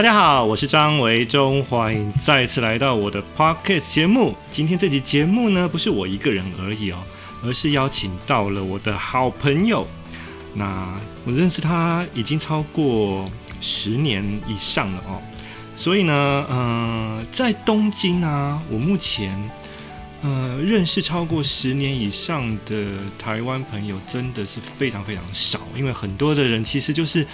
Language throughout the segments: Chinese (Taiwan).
大家好，我是張維中，歡迎再次來到我的 Podcast 節目。今天這集節目呢，不是我一個人而已哦，而是邀請到了我的好朋友。那我認識他已經超過十年以上了哦，所以呢，嗯、呃，在東京啊，我目前呃認識超過十年以上的台灣朋友真的是非常非常少，因為很多的人其實就是，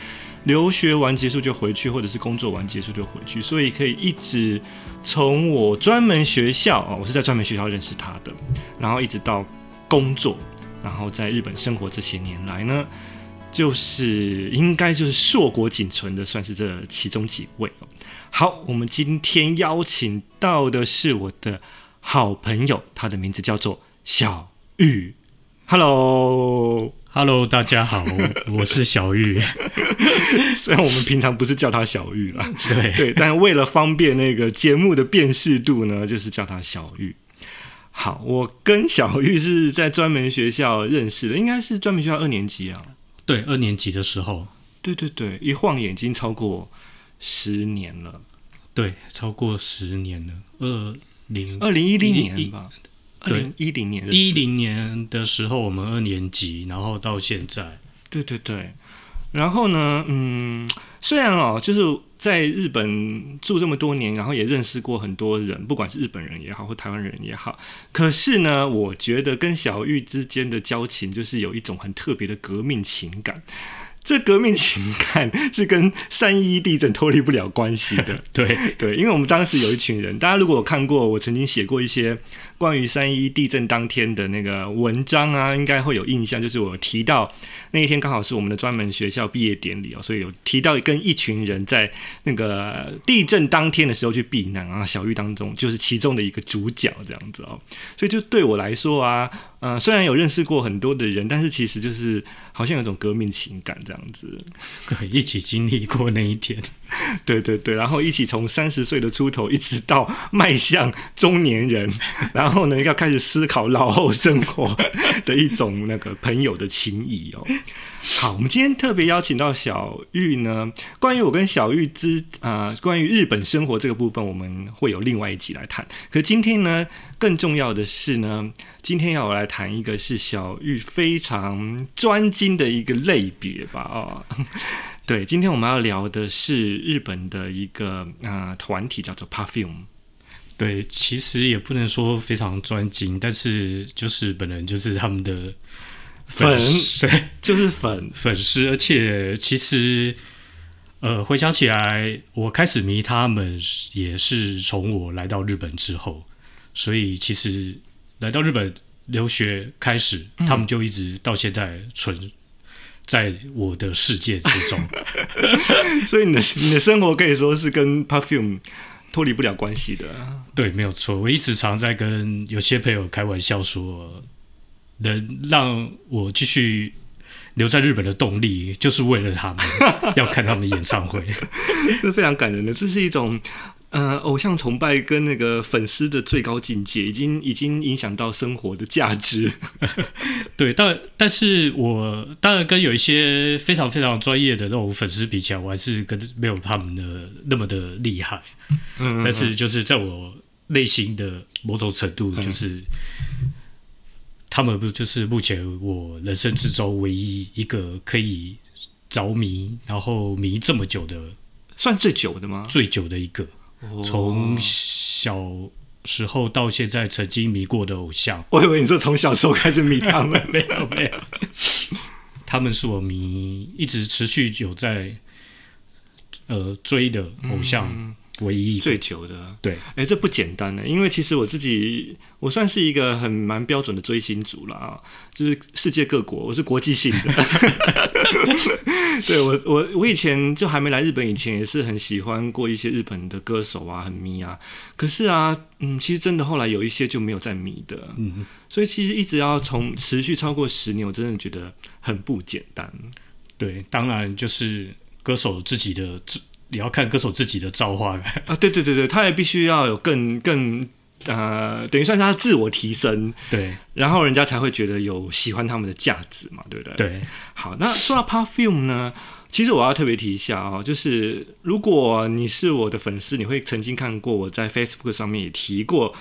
留學完結束就回去，或者是工作完結束就回去，所以可以一直從我專門學校，哦，我是在專門學校認識他的，然後一直到工作，然後在日本生活這些年來呢，就是應該就是碩果僅存的，算是這其中幾位。好，我們今天邀請到的是我的好朋友，他的名字叫做小裕，Hello。Hello，大家好， 我是小裕。 雖然我們平常不是叫他小裕啊，對對，但為了方便那個節目的辨識度呢，就是叫他小裕。好，我跟小裕是在專門學校認識的，應該是專門學校二年級啊。對，二年級的時候。對對對，一晃眼睛超過十年了。對，超過十年了，二零2010二零一零年吧。二零一零年是不是，一零年的時候，我們二年級，然後到現在，對對對。然後呢，嗯，雖然哦，就是在日本住這麼多年，然後也認識過很多人，不管是日本人也好，或是台灣人也好。可是呢，我覺得跟小裕之間的交情，就是有一種很特別的革命情感。這革命情感是跟311地震脫離不了關係的。 對，對對，因為我們當時有一群人，大家如果有看過我曾經寫過一些關於311地震當天的那個文章啊，應該會有印象，就是我提到那一天剛好是我們的專門學校畢業典禮哦，所以有提到跟一群人在那個地震當天的時候去避難啊，小裕當中就是其中的一個主角這樣子哦，所以就對我來說啊。呃，雖然有認識過很多的人，但是其實就是好像有種革命情感這樣子，對，一起經歷過那一天，對對對，然後一起從三十歲的出頭一直到邁向中年人， 然後呢要開始思考老後生活的一種那個朋友的情誼哦。好，我們今天特別邀請到小裕呢。關於我跟小裕之啊、呃，關於日本生活這個部分，我們會有另外一集來談。可是今天呢，更重要的是呢，今天要我來談一個是小裕非常專精的一個類別吧？啊、哦，對，今天我們要聊的是日本的一個啊呃、團體，叫做 Perfume。對，其實也不能說非常專精，但是就是本人就是他們的。粉。對，就是粉粉絲，而且其實，呃，回想起來，我開始迷他們也是從我來到日本之後，所以其實來到日本留學開始，他們就一直到現在存在我的世界之中。嗯、 所以你的你的生活可以說是跟 Perfume 脫離不了關係的啊。對，沒有錯，我一直常在跟有些朋友開玩笑說。能讓我繼續留在日本的動力，就是為了他們， 要看他們演唱會， 是非常感人的。這是一種，呃，偶像崇拜跟那個粉絲的最高境界，已經已經影響到生活的價值。 對，但但是我當然跟有一些非常非常專業的那種粉絲比起來，我還是跟沒有他們的那麼的厲害嗯嗯嗯。但是就是在我內心的某種程度，就是。嗯他們不就是目前我人生之中唯一一個可以着迷、嗯，然後迷這麼久的，算最久的嗎？最久的一個，哦，從小時候到現在曾經迷過的偶像。我以為你說從小時候開始迷他們，沒 有沒有。沒有 他們是我迷一直持續有在呃追的偶像。嗯唯一最久的對，哎，這不簡單呢。因為其實我自己，我算是一個很蠻標準的追星族了啊。就是世界各國，我是國際性的。 對我，我我以前就還沒來日本以前，也是很喜歡過一些日本的歌手啊，很迷啊。可是啊，嗯，其實真的後來有一些就沒有再迷的。嗯，所以其實一直要從持續超過十年， 我真的覺得很不簡單。對，當然就是歌手自己的。你要看歌手自己的造化了啊！對對對對，他也必須要有更更呃，等於算是他自我提升，對，然後人家才會覺得有喜歡他們的價值嘛，對不對？對，好，那說到 Perfume 呢，其實我要特別提一下啊、哦，就是如果你是我的粉絲，你會曾經看過我在 Facebook 上面也提過。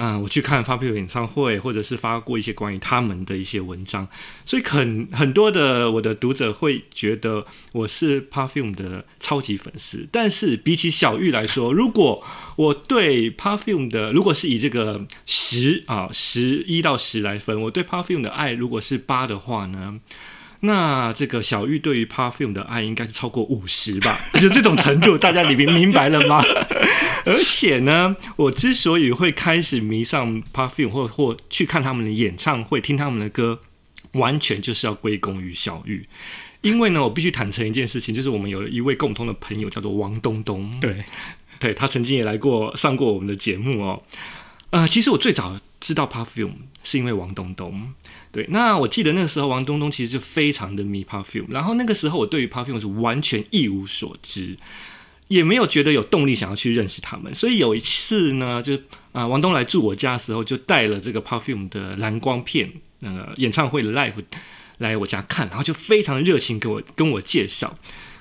嗯，我去看 Perfume 演唱會，或者是發過一些關於他們的一些文章，所以很很多的我的讀者會覺得我是 Perfume 的超級粉絲。但是比起小裕來說，如果我對 Perfume 的如果是以這個十啊，十一到十來分，我對 Perfume 的愛如果是八的話呢，那這個小裕對於 Perfume 的愛應該是超過五十吧，就這種程度，大家裡面明白了嗎？ 而且呢，我之所以會開始迷上 Perfume 或或去看他們的演唱會、聽他們的歌，完全就是要歸功於小裕。因為呢，我必須坦誠一件事情，就是我們有一位共同的朋友叫做王東東，對，對他曾經也來過上過我們的節目哦。呃，其實我最早。知道 Perfume 是因為王東東，對，那我記得那個時候王東東其實就非常的迷 Perfume，然後那個時候我對於 Perfume 是完全一無所知，也沒有覺得有動力想要去認識他們，所以有一次呢，就是啊、呃、王東來住我家的時候，就帶了這個 Perfume 的藍光片、呃，演唱會的 live 來我家看，然後就非常的熱情給我跟我介紹。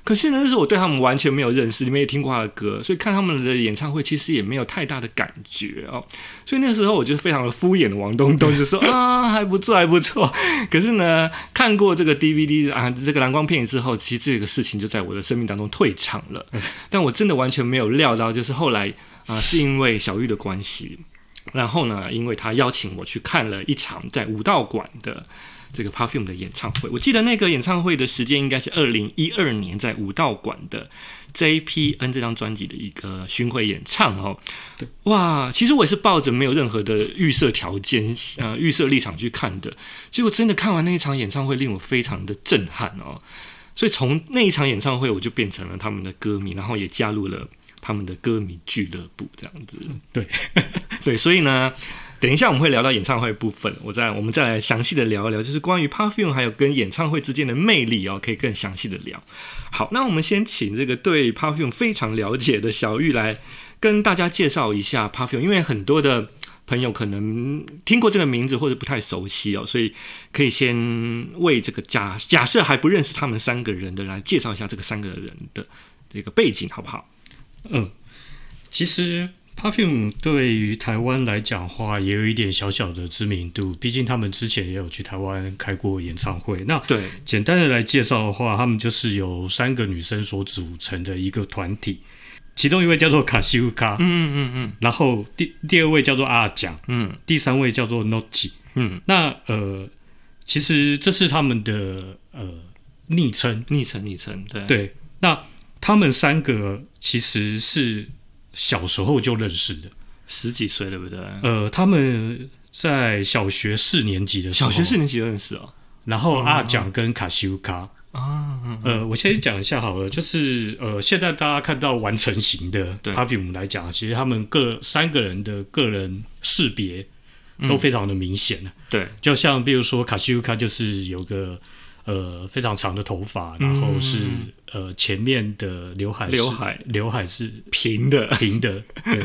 可是呢，那是我對他們完全沒有認識，也沒聽過他的歌，所以看他們的演唱會其實也沒有太大的感覺哦。所以那時候我就非常的敷衍的，王東東、嗯、就說啊，還不錯，還不錯。可是呢，看過這個 DVD 啊，這個藍光片之後，其實這個事情就在我的生命當中退場了。但我真的完全沒有料到，就是後來啊，是因為小裕的關係，然後呢，因為他邀請我去看了一場在武道館的，這個 Perfume 的演唱會，我記得那個演唱會的時間應該是二零一二年，在武道館的 J P N 這張專輯的一個巡回演唱哦。對。哇，其實我也是抱着沒有任何的預設條件、呃預設立場去看的，結果真的看完那一場演唱會，令我非常的震撼哦。所以從那一場演唱會，我就變成了他們的歌迷，然後也加入了他們的歌迷俱樂部這樣子。對，對， 所以，所以呢。等一下，我們會聊到演唱會部分，我再我們再來詳細的聊一聊，就是關於 Perfume 還有跟演唱會之間的魅力哦，可以更詳細的聊。好，那我們先請這個對 Perfume 非常了解的小裕來跟大家介紹一下 Perfume，因為很多的朋友可能聽過這個名字或者不太熟悉哦，所以可以先為這個假假設還不認識他們三個人的來介紹一下這個三個人的這個背景，好不好？嗯，其實。Perfume 對於台灣來講的話，也有一點小小的知名度。畢竟他們之前也有去台灣開過演唱會。那對簡單的來介紹的話，他們就是由三個女生所組成的一個團體，其中一位叫做卡西烏卡，嗯嗯嗯，然後第第二位叫做阿獎，嗯，第三位叫做 Nocchi 嗯。那呃，其實這是他們的呃昵稱，昵稱昵稱，對對。那他們三個其實是。小時候就認識的，十幾歲對不對？呃，他們在小學四年級的時候，小學四年級認識哦。然後阿蔣跟卡西歐卡啊，呃，我先講一下好了，就是呃，現在大家看到完成型的對，Perfume 我們來講，其實他們個三個人的個人識別都非常的明顯、嗯、對，就像比如說卡西歐卡就是有個呃非常長的頭髮，然後是。嗯呃，前面的劉海,海，劉海，劉海是平的，平的。 對，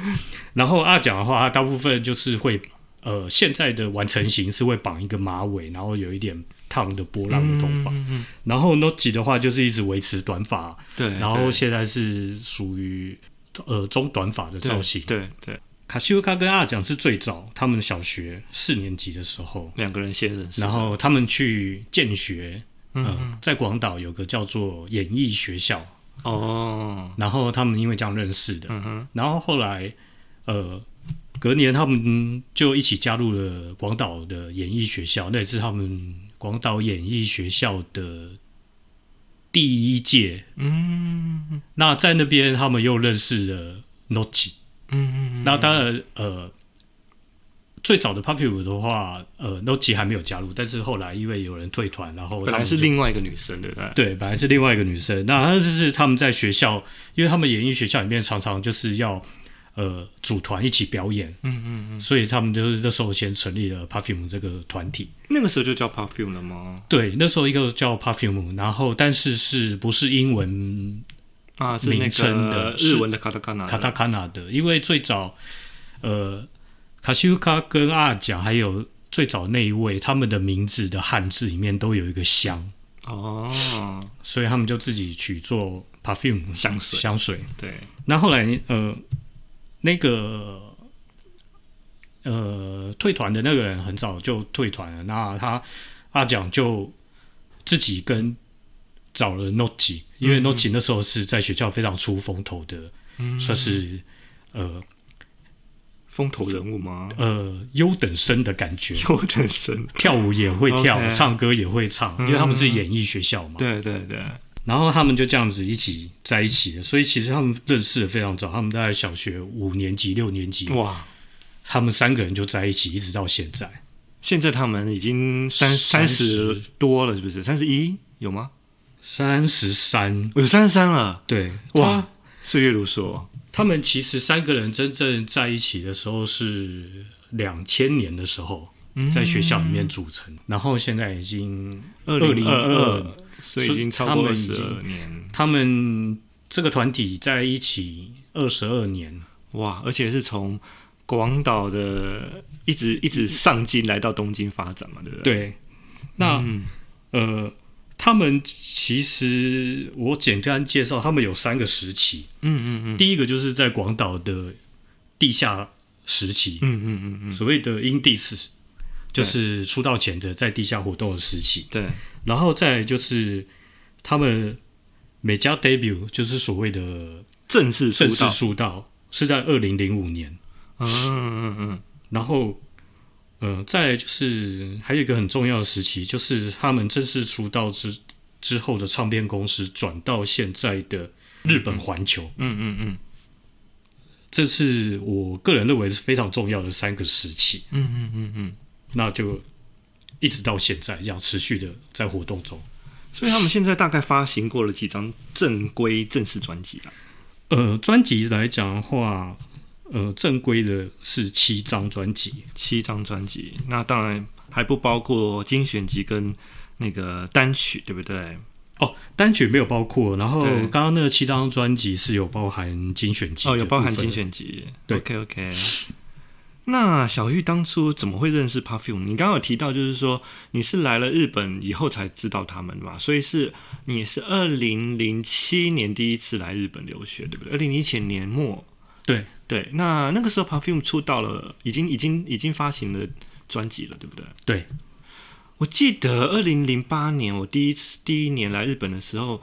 然後阿將的話，他大部分就是會呃，現在的完成形是會綁一個馬尾，嗯，然後有一點燙的波浪的頭髮嗯嗯嗯。然後 Nocchi 的話，就是一直維持短髮。對，然後現在是屬於呃中短髮的造型。對對，卡西歐卡跟阿將是最早，嗯，他們小學四年級的時候兩個人先認識，然後他們去見學。嗯、呃，在廣島有個叫做演藝學校哦然後他們因為這樣認識的，嗯、然後後來呃，隔年他們就一起加入了廣島的演藝學校，那也是他們廣島演藝學校的第一屆。嗯，那在那邊他們又認識了 Nocchi，嗯，那當然呃。最早的 Perfume 的話，呃，Nocchi 還沒有加入，但是後來因為有人退團，然後本來是另外一個女生，對不對？對，本來是另外一個女生。那就是他們在學校，因為他們演藝學校裡面常常就是要呃組團一起表演，嗯嗯嗯，所以他們就是在那時候先成立了 Perfume 這個團體。那個時候就叫 Perfume 了嗎？對，那時候一個叫 Perfume，然後但是是不是英文名稱啊？是那個，日文的卡塔卡納卡塔卡納的，因為最早呃。卡西卡跟阿蔣還有最早那一位，他們的名字的漢字裡面都有一個香哦，所以他們就自己去做 Perfume 香水香水。對，那後來呃那個呃退團的那個人很早就退團了，那他阿蔣就自己跟找了 Nocchi，因為 Nocchi、嗯、那時候是在學校非常出風頭的，嗯、算是呃。風頭人物嗎？呃，優等生的感覺。優等生，跳舞也會跳，Okay. 唱歌也會唱。嗯，因為他們是演藝學校嘛。嗯。對對對。然後他們就這樣子一起在一起的，所以其實他們認識的非常早，他們大概小學五年級、六年級。哇！他們三個人就在一起，一直到現在。現在他們已經三三十多了，是不是？三十一有嗎？三十三，我有三十三了。對，哇，歲月如梭。他們其實三個人真正在一起的時候是兩千年的時候，在學校裡面組成，嗯、然後現在已經二零二二，所以已經超過二十二年他。他們這個團體在一起二十二年，哇！而且是從廣島的一直一直上京來到東京發展嘛，對不對？對，那、嗯、呃。他們其實我簡單介紹，他們有三個時期。嗯嗯嗯。第一個就是在廣島的地下時期。嗯嗯嗯嗯。所謂的 indies 是，就是出道前的在地下活動的時期。對。然後再就是他們 major debut，就是所謂的正式正式出道是在二零零五年。啊，嗯嗯嗯嗯。然後。嗯、呃，再來就是還有一個很重要的時期，就是他們正式出道之之後的唱片公司轉到現在的日本環球。嗯嗯嗯，嗯，這是我個人認為是非常重要的三個時期。嗯嗯嗯嗯，那就一直到現在這樣持續的在活動中。所以他們現在大概發行過了幾張正規正式專輯了？呃，專輯來講的話。呃，正規的是七張專輯，七張專輯，那當然還不包括精選集跟那個單曲，對不對？哦，單曲沒有包括。然後剛剛那個七張專輯是有包含精選集，哦，有包含精選集。對，OK OK。那小裕當初怎麼會認識 Perfume？你剛剛有提到，就是說你是來了日本以後才知道他們嘛，所以是你是二零零七年第一次來日本留學，對不對？二零零七年末。對對，那那個時候，Perfume 出道了，已經已經已經發行了專輯了，對不對？對，我記得二零零八年我第一次第一年來日本的時候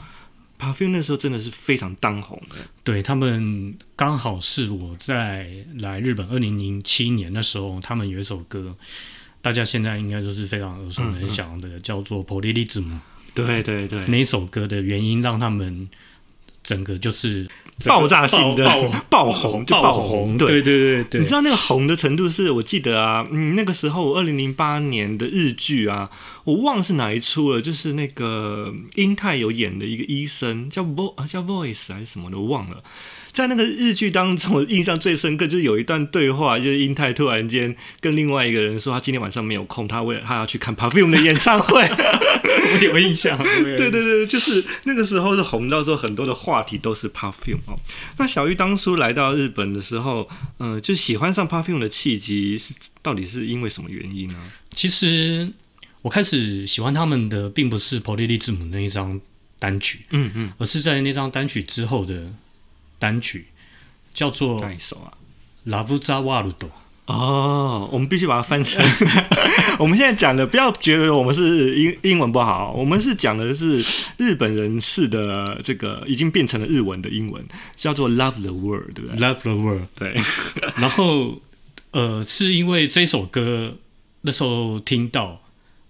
，Perfume 那時候真的是非常當紅的。對他們剛好是我在來日本二零零七年的時候，他們有一首歌，大家現在應該都是非常耳熟能詳、嗯、的、嗯，叫做 Polyrhythm，對對對，那首歌的原因讓他們整個就是。這個、爆炸性的爆紅，爆紅就爆紅，爆紅對，對對對對，你知道那個紅的程度是，我記得啊， 嗯，那個時候二零零八年的日劇啊，我忘了是哪一出了，就是那個英泰有演的一個醫生叫啊 VO, 叫 Voice 還是什麼的，我忘了。在那個日劇當中，我印象最深刻就是有一段對話，就是英泰突然間跟另外一個人說，他今天晚上沒有空，他為了他要去看 Perfume 的演唱會 我有印象。 對對對，就是那個時候是紅到，說很多的話題都是 Perfume。那小玉當初來到日本的時候，嗯、呃，就喜歡上 Perfume 的契機是到底是因為什麼原因呢、啊？其實我開始喜歡他們的，並不是 Polyrhythm 那一張單曲，嗯嗯，而是在那張單曲之後的。單曲叫做一首啊？《La Voz de w a l d 哦，我們必須把它翻成。 我們現在講的，不要覺得我們是英英文不好，我們是講的是日本人式的這個已經變成了日文的英文，叫做 Love world, 對對《Love the World》。《Love the World》對。 然後呃，是因為這首歌那時候聽到，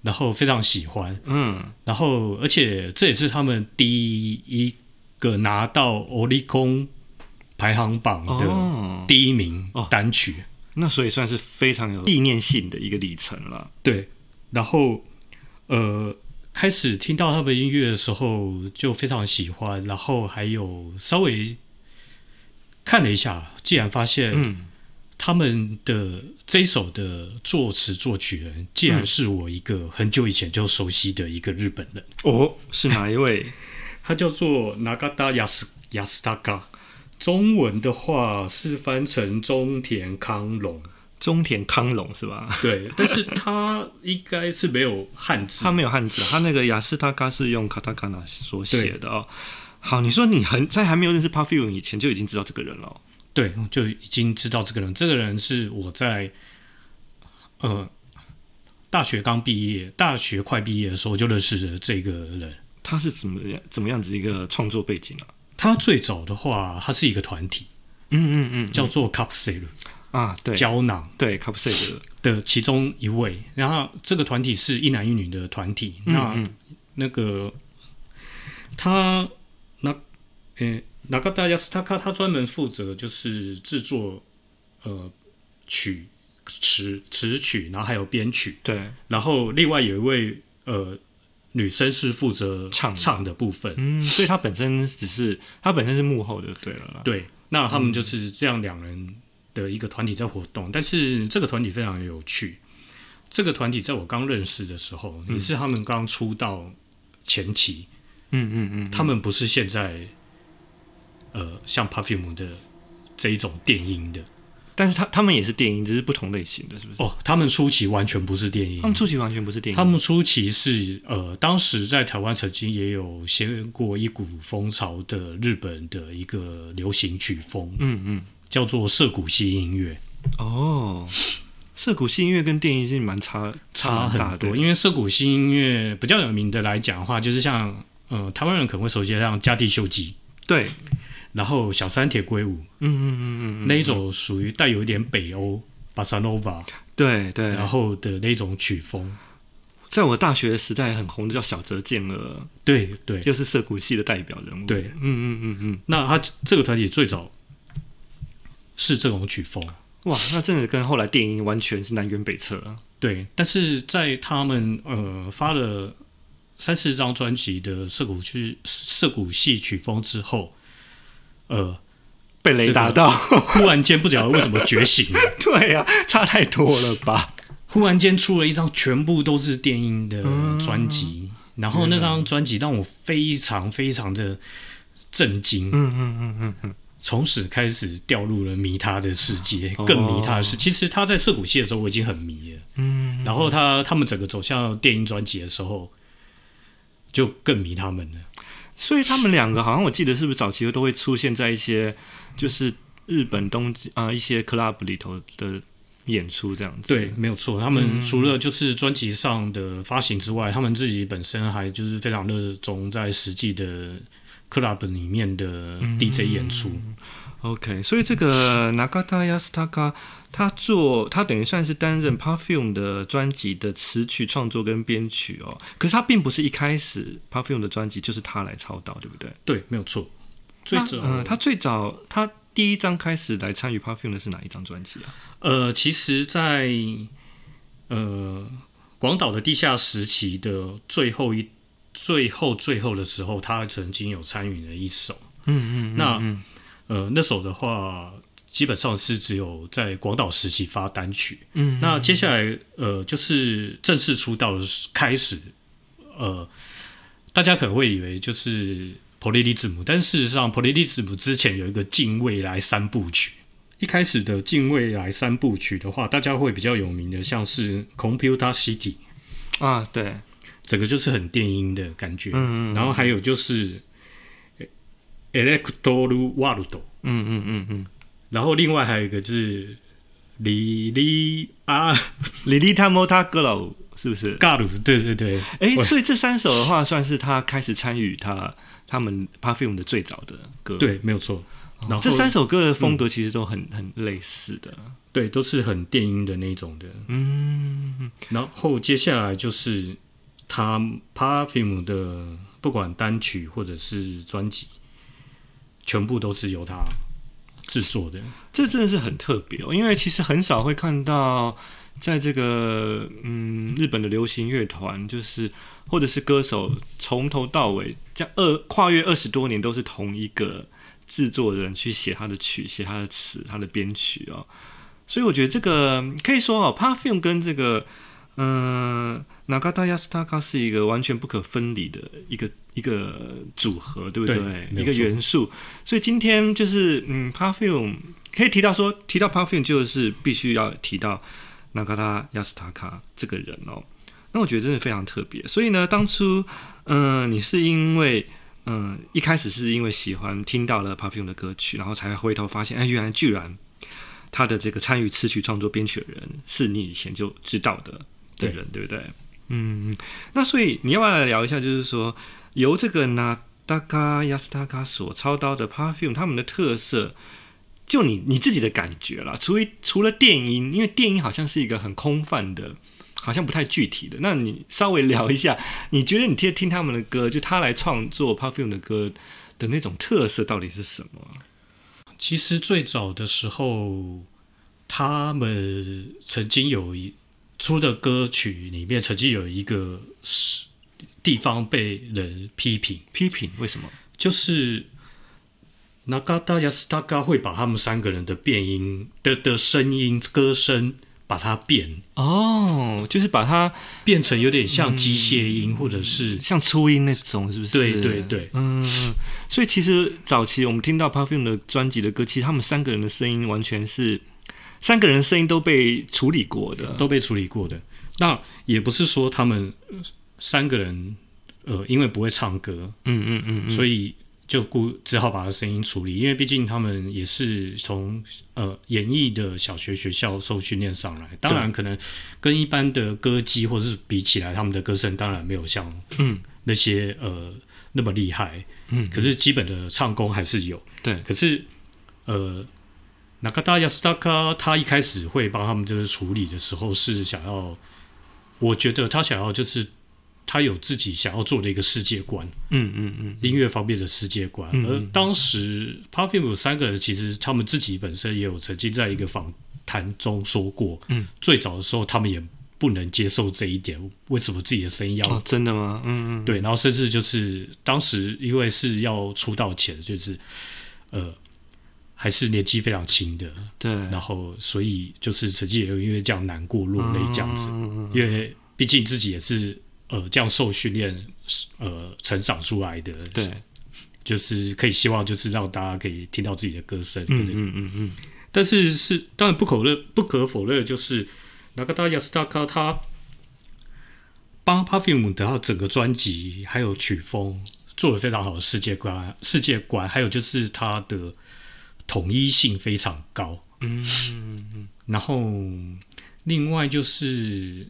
然後非常喜歡。嗯。然後，而且這也是他們第一個拿到オリコン。排行榜的第一名單曲、哦哦，那所以算是非常有紀念性的一個里程了。對，然後呃，開始聽到他們音樂的時候就非常喜歡，然後還有稍微看了一下，竟然發現他們的這一首的作詞作曲人，竟然是我一個很久以前就熟悉的一個日本人。哦，是哪一位？ 他叫做中田ヤス、中田ヤスタカ。中文的話是翻成中田康隆，中田康隆是吧？對， 但是他應該是沒有漢字，他沒有漢字，他那個ヤスタカ是用卡塔卡納所寫的哦。好，你說你很，在還沒有認識 Perfume 以前就已經知道這個人了。對，就已經知道這個人，這個人是我在呃大學剛畢業，大學快畢業的時候就認識的這個人。他是怎麼樣怎麼樣子一個創作背景啊？他最早的話，他是一個團體，嗯嗯嗯，嗯，叫做 Capsule 啊，對，膠囊，對 Capsule 的其中一位。Capsule. 然後這個團體是一男一女的團體。嗯、那那個他那誒，那個大家是他？他他專門負責就是制作呃曲詞詞曲，然後還有編曲。對，對，然後另外有一位呃。女生是負責唱唱的部分，嗯，所以她本身只是她本身是幕後的，對了，對，那他們就是這樣兩人的一個團體在活動，但是這個團體非常有趣，這個團體在我剛認識的時候，也是他們剛出道前期，嗯嗯嗯，嗯，他們不是現在，呃，像 Perfume 的這一種電音的。但是他，他他們也是電音，只是不同類型的，是不是？哦，他們初期完全不是電音，他們初期完全不是電音。他們初期是呃，當時在台灣曾經也有掀過一股風潮的日本的一個流行曲風，嗯嗯，叫做澀谷系音樂。哦，澀谷系音樂跟電音其實蠻差，差很多，很多，因為澀谷系音樂比較有名的來講的話，就是像呃，台灣人可能會首先像加地秀吉，對。然後小山田圭吾，嗯，嗯嗯嗯嗯，那一種屬於帶有一點北歐巴薩諾瓦，Bassanova，對對，然後的那種曲風，在我大學時代很紅的叫小澤健二，對對，又、就是澀谷系的代表人物，對，嗯嗯嗯嗯，那他這個團體最早是這種曲風，哇，那真的跟後來電音完全是南轅北轍、啊、 對，但是在他們呃發了三四張專輯的澀谷曲澀谷系曲風之後。呃，被雷打到，這個、 忽然間不曉得為什麼覺醒了。 對啊，差太多了吧？忽然間出了一張全部都是電音的專輯，嗯，然後那張專輯讓我非常非常的震驚。嗯嗯嗯嗯嗯，從此開始掉入了迷他的世界。哦，更迷他的世界。其實他在澀谷系的時候我已經很迷了。嗯，然後他他們整個走向電音專輯的時候，就更迷他們了。所以他們兩個好像我記得是不是早期都會出現在一些，就是日本東啊、呃、一些 club 裡頭的演出這樣子。對，沒有錯。他們除了就是專輯上的發行之外，他們自己本身還就是非常熱衷在實際的。club 裡面的 DJ 演出，嗯、OK，所以這個中田ヤスタカ他做他等於算是擔任 Perfume 的專輯的詞曲創作跟編曲哦，可是他並不是一開始 Perfume 的專輯就是他來操刀，對不對？對，沒有錯。最早、呃、他最早他第一張開始來參與 Perfume 的是哪一張專輯啊？呃，其實在，在呃廣島的地下時期的最後一。最後最後的時候，他曾經有參與了一首，嗯嗯，嗯，嗯，那呃那首的話，基本上是只有在廣島時期發單曲，嗯，嗯，嗯，那接下來呃就是正式出道的開始，呃，大家可能會以為就是 Polyrhythm 時期，但事實上 Polyrhythm 時期之前有一個近未來三部曲，一開始的近未來三部曲的話，大家會比較有名的像是 Computer City 啊，對。整個就是很電音的感覺，嗯嗯，嗯，嗯、然後還有就是 Electro World，嗯嗯嗯，嗯然後另外還有一個就是 Linear，啊，Linear Motor Girl，是不是？Girl，對對對，哎、欸，所以這三首的話算是他開始參與他他們 Perfume 的最早的歌，對，沒有錯。哦、然後這三首歌的風格其實都很、嗯、很類似的，對，都是很電音的那種的，嗯。然後接下來就是。他 Perfume 的，不管單曲或者是專輯，全部都是由他制作的，這真的是很特別哦。因為其實很少會看到，在這個嗯日本的流行樂團，就是或者是歌手，從頭到尾，這二跨越二十多年，都是同一個製作人去寫他的曲、寫他的詞、他的編曲哦。所以我覺得這個可以說哦，Perfume 跟這個。嗯、呃，中田ヤスタカ是一個完全不可分離的一個一個組合，對不對？對，一個元素。所以今天就是，嗯，Perfume 可以提到說，提到 Perfume 就是必須要提到中田ヤスタカ這個人哦。那我覺得真的非常特別。所以呢，當初，嗯、呃，你是因為，嗯、呃，一開始是因為喜歡聽到了 Perfume 的歌曲，然後才回頭發現，哎，原來居然他的這個參與詞曲創作編曲的人是你以前就知道的。的人、嗯、對不對？嗯，那所以你要不要來聊一下？就是說，由這個中田ヤスタカ所操刀的 Perfume，他們的特色，就你你自己的感覺啦。除除了電音，因為電音好像是一個很空泛的，好像不太具體的。那你稍微聊一下，你覺得你聽聽他們的歌，就他來創作 Perfume 的歌的那種特色到底是什麼？其實最早的時候，他們曾經有一。出的歌曲裡面曾經有一個是地方被人批評，批評為什麼？就是中田ヤスタカ會把他們三個人的變音的的聲音、歌聲把它變哦，oh, 就是把它變成有點像機械音、嗯，或者是像初音那種，是不是？對對對，嗯。所以其實早期我們聽到 Perfume 的專輯的歌，其實他們三個人的聲音完全是。三個人的聲音都被處理過的，都被處理過的。那也不是說他們三個人呃，因為不會唱歌，嗯嗯嗯、嗯，所以就故只好把他聲音處理。因為畢竟他們也是從呃演藝的小學學校受訓練上來，當然可能跟一般的歌姬或者是比起來，他們的歌聲當然沒有像嗯那些嗯呃那麼厲害，嗯，可是基本的唱功還是有。對，可是呃。那卡達亞斯達卡，他一開始會幫他們就是處理的時候，是想要，我覺得他想要就是他有自己想要做的一個世界觀，嗯嗯嗯，音樂方面的世界觀。而當時 Perfume 有三個人，其實他們自己本身也有曾經在一個訪談中說過，最早的時候他們也不能接受這一點，為什麼自己的聲音要？真的嗎？嗯嗯。對，然後甚至就是當時因為是要出道前，就是呃。還是年紀非常輕的，對、啊，然後所以就是曾經也有因為這樣難過落淚這樣子，哦、因為畢竟自己也是呃這樣受訓練呃成長出來的，對，就是可以希望就是讓大家可以聽到自己的歌聲、那個，嗯嗯嗯，嗯但是是當然不可不可否認的就是，那個中田ヤスタカ他，幫 Perfume 的整個專輯還有曲風做了非常好的世界觀世界觀，還有就是他的。統一性非常高，嗯，嗯，嗯，嗯然後另外就是，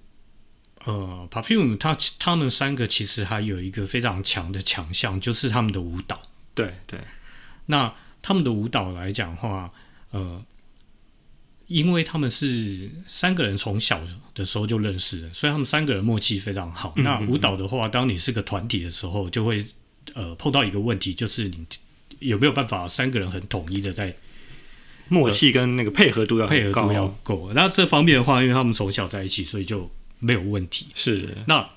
呃，Perfume，他，他們三個其實還有一個非常強的強項，就是他們的舞蹈。對對。那他們的舞蹈來講的話，呃，因為他們是三個人從小的時候就認識，所以他們三個人默契非常好。那舞蹈的話，當你是個團體的時候，嗯嗯嗯就會，呃，碰到一個問題，就是你。有沒有辦法？三個人很統一的在，在默契跟那個配合度要、呃、配合度要夠。那這方面的話，因為他們從小在一起，所以就沒有問題。是。那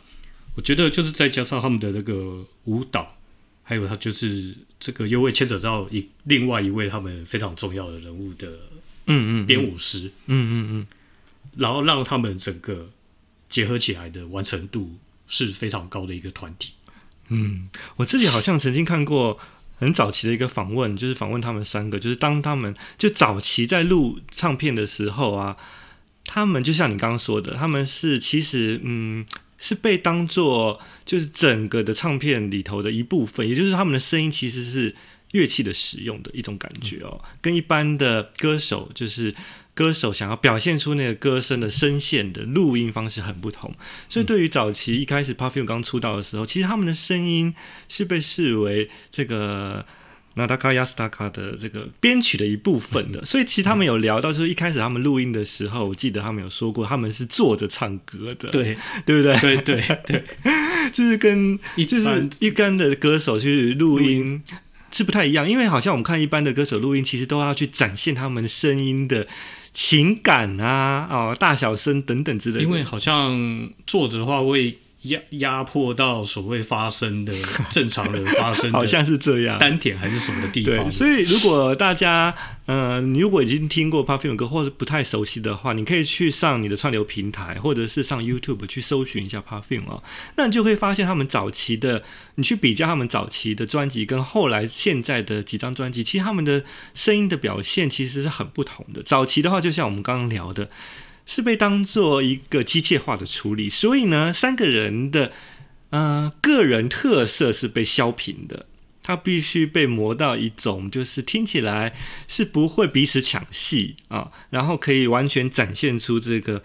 我覺得就是再加上他們的那個舞蹈，還有他就是這個又會牽扯到一另外一位他們非常重要的人物的，嗯嗯，編舞師，嗯嗯嗯，嗯，嗯，嗯，嗯，然後讓他們整個結合起來的完成度是非常高的一個團體。嗯，我自己好像曾經看過。很早期的一個訪問，就是訪問他們三個，就是當他們就早期在錄唱片的時候啊，他們就像你剛剛說的，他們是其實嗯是被當做就是整個的唱片裡頭的一部分，也就是他們的聲音其實是樂器的使用的一種感覺哦，嗯，跟一般的歌手就是。歌手想要表現出那個歌聲的聲線的錄音方式很不同，所以對於早期一開始 Perfume 剛出道的時候，其實他們的聲音是被視為這個中田ヤスタカ的這個編曲的一部分的。所以其實他們有聊到，說，一開始他們錄音的時候，我記得他們有說過，他們是坐着唱歌的，對對不對？對對對，對，就是跟就是一般的歌手去錄音是不太一樣，因為好像我們看一般的歌手錄音，其實都要去展現他們聲音的。情感啊，哦，大小聲等等之類的。因為好像坐着的話會。壓壓迫到所謂發聲的正常人發聲，好像是這樣。丹田還是什麼的地方？ 對，所以如果大家嗯、呃，你如果已經聽過 Perfume 歌，或者不太熟悉的話，你可以去上你的串流平台或者是上 YouTube 去搜尋一下 Perfume 啊、哦，那你就會發現他們早期的，你去比較他們早期的專輯跟後來現在的幾張專輯，其實他們的聲音的表現其實是很不同的。早期的話，就像我們剛剛聊的。是被當做一個機械化的處理，所以呢，三個人的呃個人特色是被削平的，它必須被磨到一種就是聽起來是不會彼此搶戲啊，然後可以完全展現出這個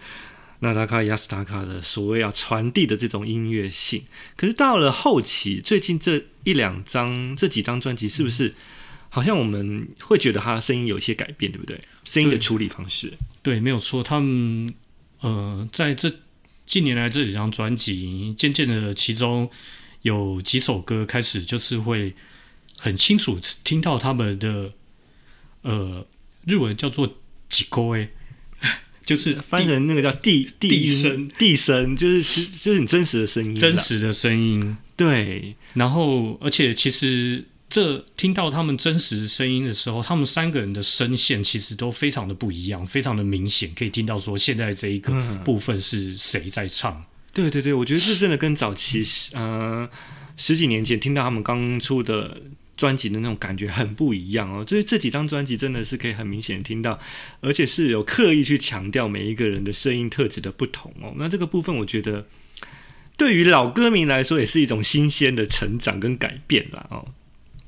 納達卡亞斯塔卡的所謂要傳遞的這種音樂性。可是到了後期，最近這一兩張這幾張專輯，是不是好像我們會覺得他的聲音有一些改變，對不對？聲音的處理方式。對，沒有錯。他們，呃，在這近年來這幾張專輯，漸漸的，其中有幾首歌開始就是會很清楚聽到他們的，呃，日文叫做“じごえ”，就是翻成那個叫地、地、地聲、地聲、地聲，就是就是你真實的聲音，真實的聲音。對，然後而且其實。這聽到他們真實聲音的時候，他們三個人的聲線其實都非常的不一樣，非常的明顯，可以聽到說現在這一個部分是誰在唱。嗯、對對對，我覺得這真的跟早期嗯、呃、十幾年前聽到他們剛出的專輯的那種感覺很不一樣哦。所以這幾張專輯真的是可以很明顯聽到，而且是有刻意去強調每一個人的聲音特質的不同哦。那這個部分我覺得對於老歌迷來說也是一種新鮮的成長跟改變啦。哦。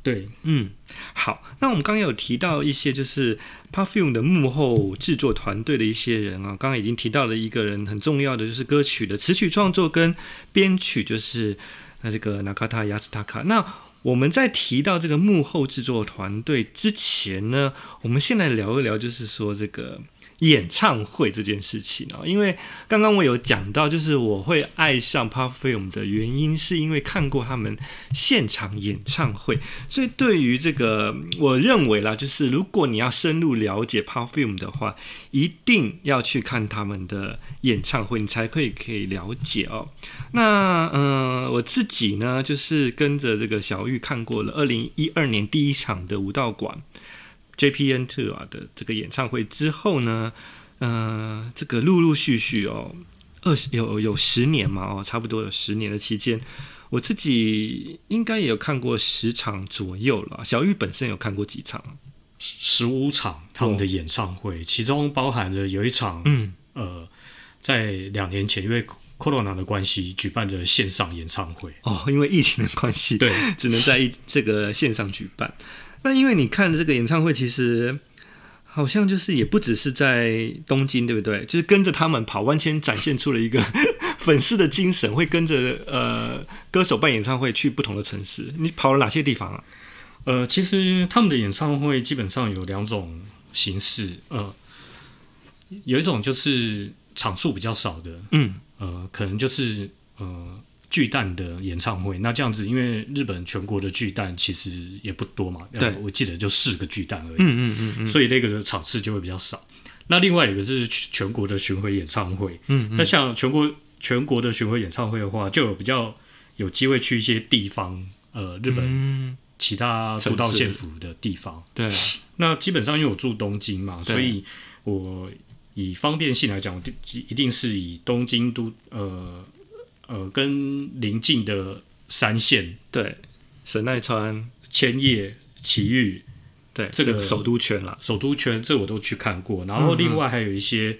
對，嗯，好，那我們剛剛有提到一些就是 Perfume 的幕後製作團隊的一些人啊、哦，剛剛已經提到了一個人，很重要的就是歌曲的詞曲創作跟編曲，就是這個 Nakata Yasutaka。那我們在提到這個幕後製作團隊之前呢，我們先來聊一聊，就是說這個。演唱會這件事情、哦、因為剛剛我有講到，就是我會愛上 Perfume 的原因，是因為看過他們現場演唱會，所以對於這個，我認為啦，就是如果你要深入了解 Perfume 的話，一定要去看他們的演唱會，你才可以，可以了解哦。那嗯、呃，我自己呢，就是跟着這個小裕看過了二零一二年第一場的武道館。JPN Two 啊，的這個演唱會之後呢，嗯、呃，這個陸陸續續哦，二十有有十年嘛，哦，差不多有十年的期間，我自己應該也有看過十場左右了。小裕本身有看過幾場，十五場他們的演唱會，哦，其中包含了有一場，嗯呃，在兩年前因為 Corona 的關係舉辦的線上演唱會哦，因為疫情的關係，對，只能在一這個線上舉辦。那因為你看這個演唱會，其實好像就是也不只是在東京，對不對？就是跟着他們跑，完全展現出了一個粉絲的精神，會跟着呃歌手辦演唱會去不同的城市。你跑了哪些地方啊？呃，其實他們的演唱會基本上有兩種形式，呃，有一種就是場數比較少的，嗯，呃，可能就是呃。巨蛋的演唱會，那這樣子，因為日本全國的巨蛋其實也不多嘛，對，我記得就四個巨蛋而已，嗯嗯嗯，嗯，所以那個的場次就會比較少。那另外一個是全國的巡迴演唱會，嗯，嗯，那像全國全國的巡迴演唱會的話，就有比較有機會去一些地方，呃，日本其他都道縣府的地方，嗯、對，對、啊。那基本上因為我住東京嘛，所以我以方便性來講，一定一定是以東京都，呃。呃，跟鄰近的三縣，對，神奈川、千葉、埼玉，對，這個，這個首都圈了，首都圈這個，我都去看過，然後另外還有一些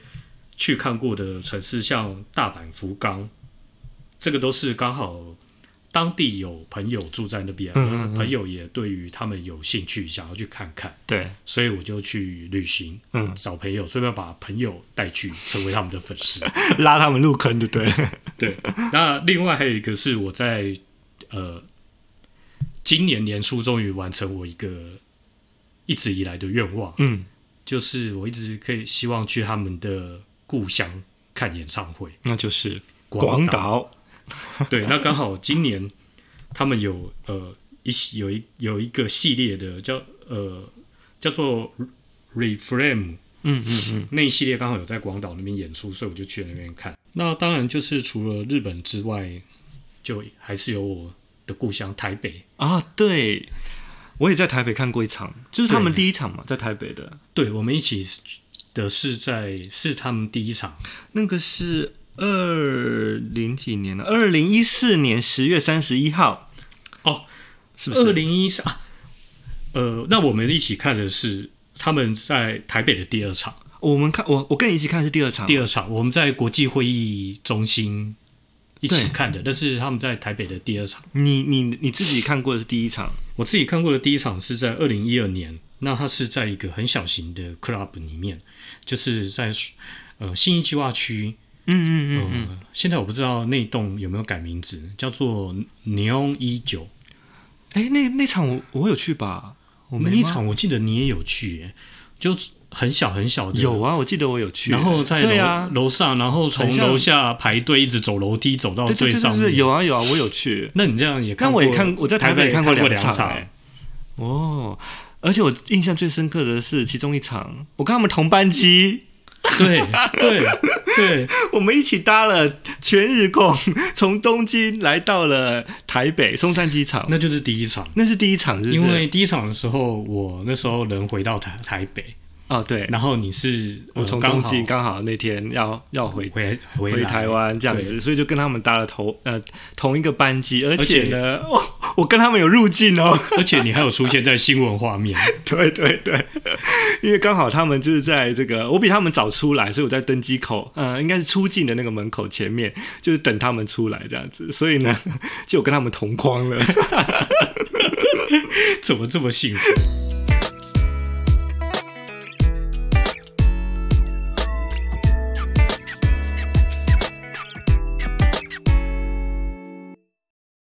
去看過的城市，嗯、像大阪、福岡，這個都是剛好，當地有朋友住在那邊，嗯嗯嗯，朋友也對於他們有興趣，想要去看看。對，所以我就去旅行，嗯，找朋友，順便把朋友帶去，成為他們的粉絲， 拉他們入坑對，對對。對。那另外還有一個是我在呃，今年年初終於完成我一個一直以來的願望，嗯，就是我一直可以希望去他們的故鄉看演唱會，那就是廣島。廣島。 對，那剛好今年他們有呃一有一有一個系列的叫呃叫做 Reframe，嗯嗯嗯，那一系列剛好有在廣島那邊演出，所以我就去了那邊看。嗯。那當然就是除了日本之外，就還是有我的故鄉台北啊。對，我也在台北看過一場，就是他們第一場嘛，在台北的。對，我們一起的是在是他們第一場，那個是。嗯二零幾年了，二零一四年十月三十一號，哦，是不是二零一四啊？呃，那我們一起看的是他們在台北的第二場。我們看我我跟你一起看的是第二場。哦，第二場我們在國際會議中心一起看的，但是他們在台北的第二場。你你你自己看過的是第一場， 我自己看過的第一場是在二零一二年，那他是在一個很小型的 club 裡面，就是在呃信義計畫區。嗯嗯嗯，嗯、呃、現在我不知道那棟有沒有改名字，叫做 Neon 19。哎、欸，那那場我我有去吧我？那一場我記得你也有去、欸，就很小很小的。有啊，我記得我有去、欸。然後在樓樓、啊、上，然後從樓下排隊一直走樓梯走到最上面，對對對對。有啊有啊，我有去。 那你這樣也看過，那我也看，我在台北也看過兩場，啊看過兩場欸。哦，而且我印象最深刻的是其中一場，我跟他們同班機， 對對。對，我們一起搭了全日空，從東京來到了台北松山機場，那就是第一場，那是第一場，因為第一場的時候，我那時候能回到台台北。哦，對，然後你是我從東京剛，剛好那天要要回回回，回台灣這樣子，所以就跟他們搭了同呃同一個班機。而且呢，我、哦、我跟他們有入境哦，而且你還有出現在新聞畫面， 對對對，因為剛好他們就是在這個，我比他們早出來，所以我在登機口呃應該是出境的那個門口前面，就是等他們出來這樣子，所以呢就跟他們同框了， 怎麼這麼幸福？